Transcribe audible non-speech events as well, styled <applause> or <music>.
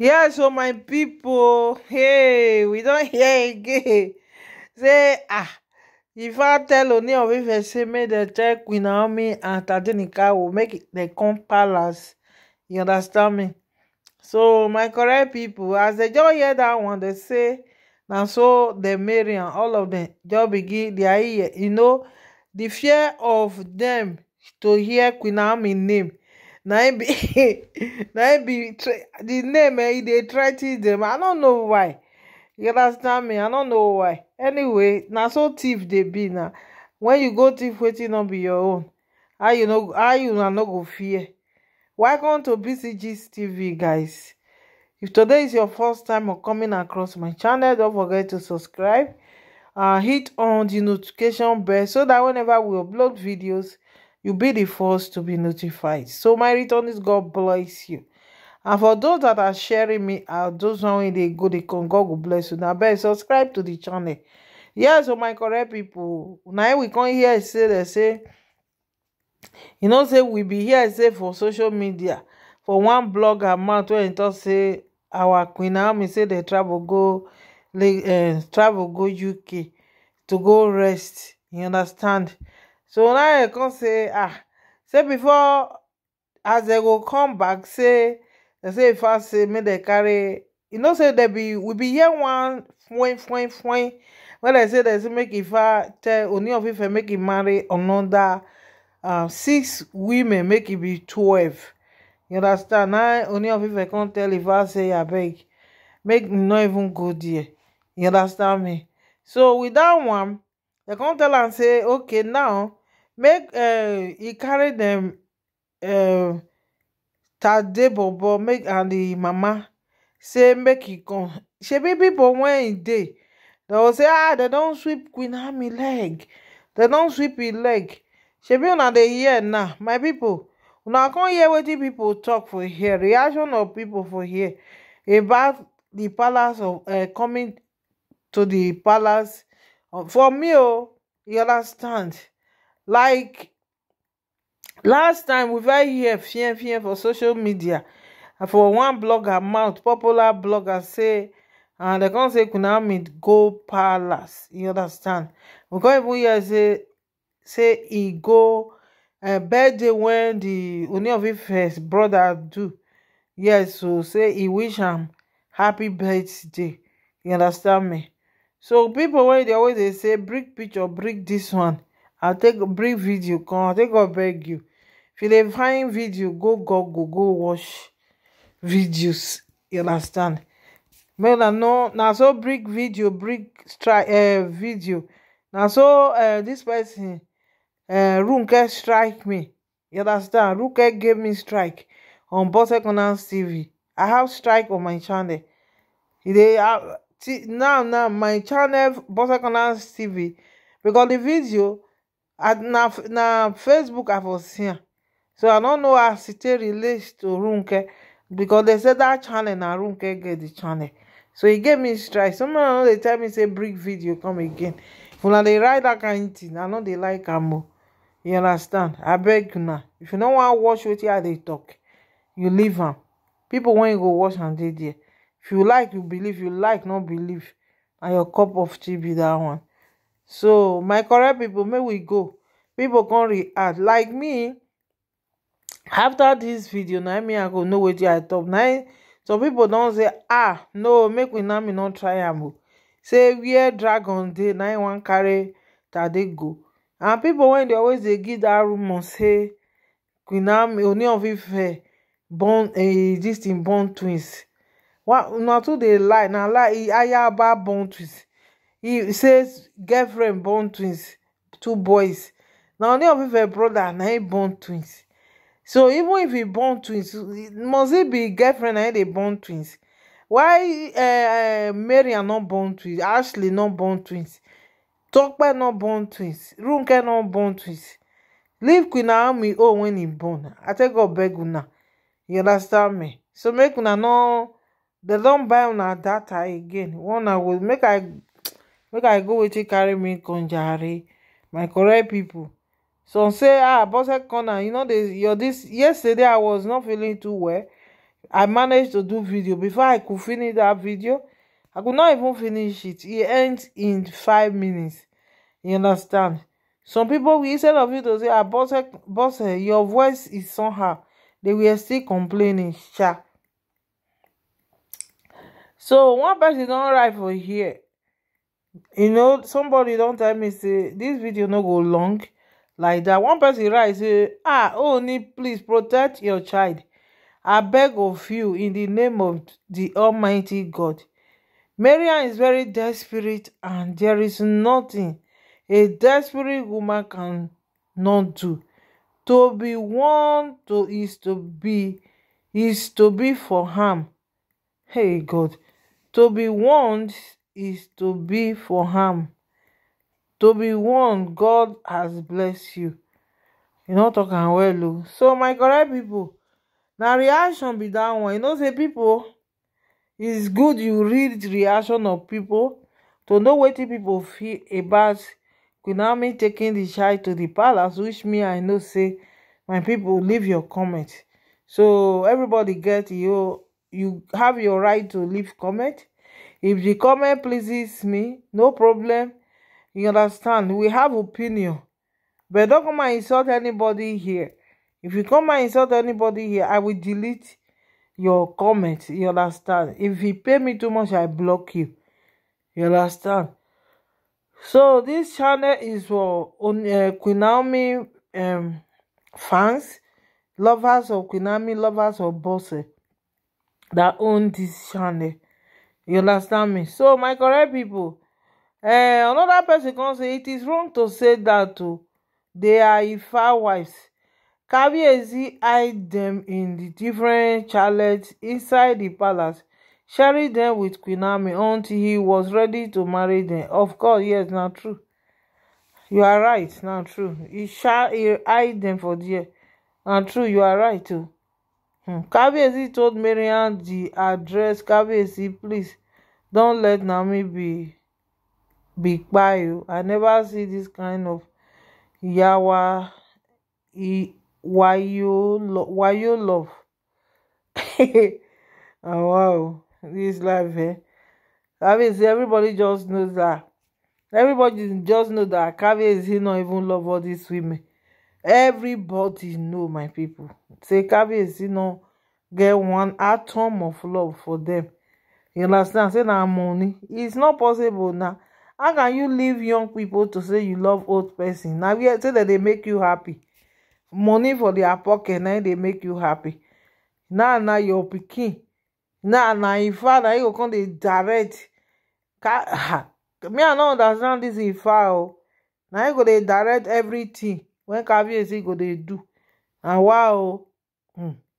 Yeah, oh, so my people, hey we don't hear again say ah if I tell only of ife say make dem check queen naomi and will make the come palace you understand me so my correct people, as they just hear that one they say na so the marry and all of them, just begin dia ear you know the fear of them to hear queen naomi name na be <laughs> na be the name eh e try teach them. i don't know why you understand me i don't know why anyway na so thief they be na When you go thief wetin no be your own how you know? na not go fear welcome to bcgs tv guys if today is your first time of coming across my channel don't forget to subscribe and hit on the notification bell so that whenever we upload videos you'll be the first to be notified. So, my return is God bless you. And for those that are sharing me out, those one they go, they come. God will bless you. Now, better subscribe to the channel. Yes, so oh, my correct people. Now we come here say they say, you know, say we be here say for social media. For one blogger month when talk say our Queen Naomi say they travel go, like uh, eh, travel go UK to go rest. You understand? so now dem come say ah say before as dem go come back say dem say I say me dem carry you know say they be we be here one foin foin foin when I say they say make ifa tell only of ife make im marry another um, six women make e be twelve you understand na oni of ife come tell ifa say abeg make im no even go there you understand me so with that one they come tell and say okay now make um he carry dem um tade bobo make and the mama say make he come shebi pipo wen e day. They go say ah they don't sweep queen army leg They don't sweep his leg She shebi una the year now my pipo now come hear wetin people talk for here reaction of people for here about the palace of um, coming to the palace for me oh, you understand like last time we fit hear fear fear for social media for one blogger mouth popular blogger say and they can't say kunami go palace you understand we come even hear say say he go eh, birthday when the oni of his brother do yes so say he wish him happy birthday you understand me so people, when they always they say bring picture bring this one i take bring video come i take go beg you if you dey find video go google go watch videos you understand well i know na so bring video bring strike eh, video na so eh, this person eh, runke strike me you understand runke give me strike on burtellkarnes tv i have strike on my channel e dey now now my channel burtellkarnes tv because the video. na na facebook i for see am so i no know as e take relate to runke because they say that channel na runke get the channel so e get me strike someone no dey tell me say bring video come again if una dey write dat kain tin i no dey like am o you understand abeg una if you no wan watch wetin i dey talk you leave am People wen you go watch am dey there if you like you believe you like no believe na your cup of tea be that one so my correct people may we go people can react like me after this video now, me i go know wetin i top now. some people don't say ah no make we now me not try am o say where dragon dey na im wan carry that they go and people when they always they give dat rumour say queen naomi oni of ife born dis eh, thing born twins What not to the lie now lie I ayaba born twins he says girlfriend born twins two boys Now only of a brother na he born twins so even if he born twins must it be girlfriend na him dey born twins why uh, are not born twins ashley not born twins Talk by not born twins runke not born twins leave queen naomi Oh, when he born i take god beg una you understand me so make una no dem don buy una data again one I will make i make i go wetin carry me come jare my correct people. some say ah bose corner you know this your this yesterday i was not feeling too well i managed to do video before i could finish that video i could not even finish it It ends in five minutes you understand some people, pipo instead of you to say ah bose your voice is somehow they were still complaining sha so one person don't write for here you know somebody don tell me say this video no go long like that. one person write say ah Ooni please protect your child I beg of you in the name of the almighty god Mariam is very desperate and there is nothing a desperate woman can not do to be warned to is to be is to be for harm hey god to be warned is to be for harm, to be one god has blessed you you know talking well so my correct people. Now reaction be that one you know say people, it's good you read reaction of people to know wetin people feel about kunami taking the child to the palace which me i know say my people leave your comment so everybody get your you have your right to leave comment if the comment pleases me no problem you understand we have opinion but don't come and insult anybody here if you come and insult anybody here i will delete your comment you understand if you pay me too much i block you you understand so this channel is for uh, Quinami um, fans lovers of Quinami, lovers of bosses that own this channel you understand me so my correct people. eh another person can say it is wrong to say that oh, they are ifa wives kabiyesi hide them in the different chalets inside the palace sharing them with queen ami until he was ready to marry them. of course yes not true you are right not true he hide them for dear, na true you are right too. Hmm. kábíyèsí told maryam the address kábíyèsí please don't let naomi be be kpayo i never see this kind of yawa Why you, why you love oh, <laughs> wow this life eh kábíyèsí everybody just knows that everybody just knows that kábíyèsí not even love all dis women everybody know my people. say kabiyesi no get one atom of love for them? you understand say na money its not possible now. how can you leave young people to say you love old person Now we say that they make you happy money for dia pocket now they make you happy now now your pikin now now if I now you go come dey direct me i no understand if I oh now you go dey direct everything. wen caribbean say go dey do and while o hmm.